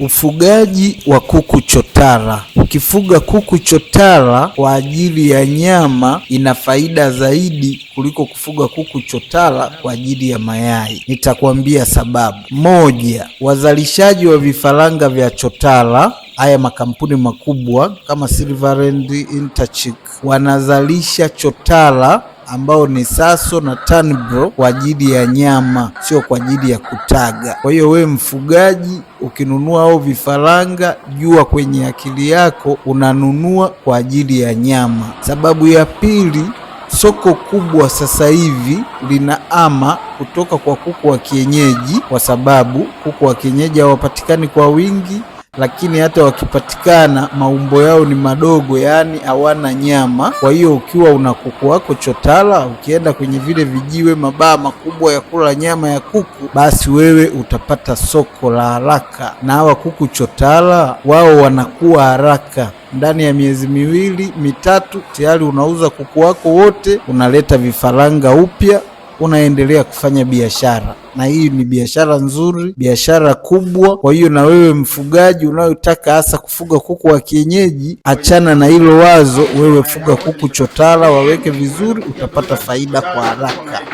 Ufugaji wa kuku chotara. Ukifuga kuku chotara kwa ajili ya nyama ina faida zaidi kuliko kufuga kuku chotara kwa ajili ya mayai. Nitakuambia sababu. Moja, wazalishaji wa vifaranga vya chotara haya makampuni makubwa kama Silverend, Interchick wanazalisha chotara ambao ni Saso na Tanbro kwa ajili ya nyama, sio kwa ajili ya kutaga. Kwa hiyo wewe mfugaji, ukinunua au vifaranga, jua kwenye akili yako unanunua kwa ajili ya nyama. Sababu ya pili, soko kubwa sasa hivi linaama kutoka kwa kuku wa kienyeji, kwa sababu kuku wa kienyeji hawapatikani kwa wingi lakini hata wakipatikana maumbo yao ni madogo, yaani hawana nyama. Kwa hiyo ukiwa una kuku wako chotala, ukienda kwenye vile vijiwe mabaa makubwa ya kula nyama ya kuku, basi wewe utapata soko la haraka, na hawa kuku chotala wao wanakuwa haraka ndani ya miezi miwili mitatu tayari unauza kuku wako wote, unaleta vifaranga upya unaendelea kufanya biashara, na hii ni biashara nzuri, biashara kubwa. Kwa hiyo na wewe mfugaji unayotaka hasa kufuga kuku wa kienyeji, achana na hilo wazo, wewe fuga kuku chotara, waweke vizuri, utapata faida kwa haraka.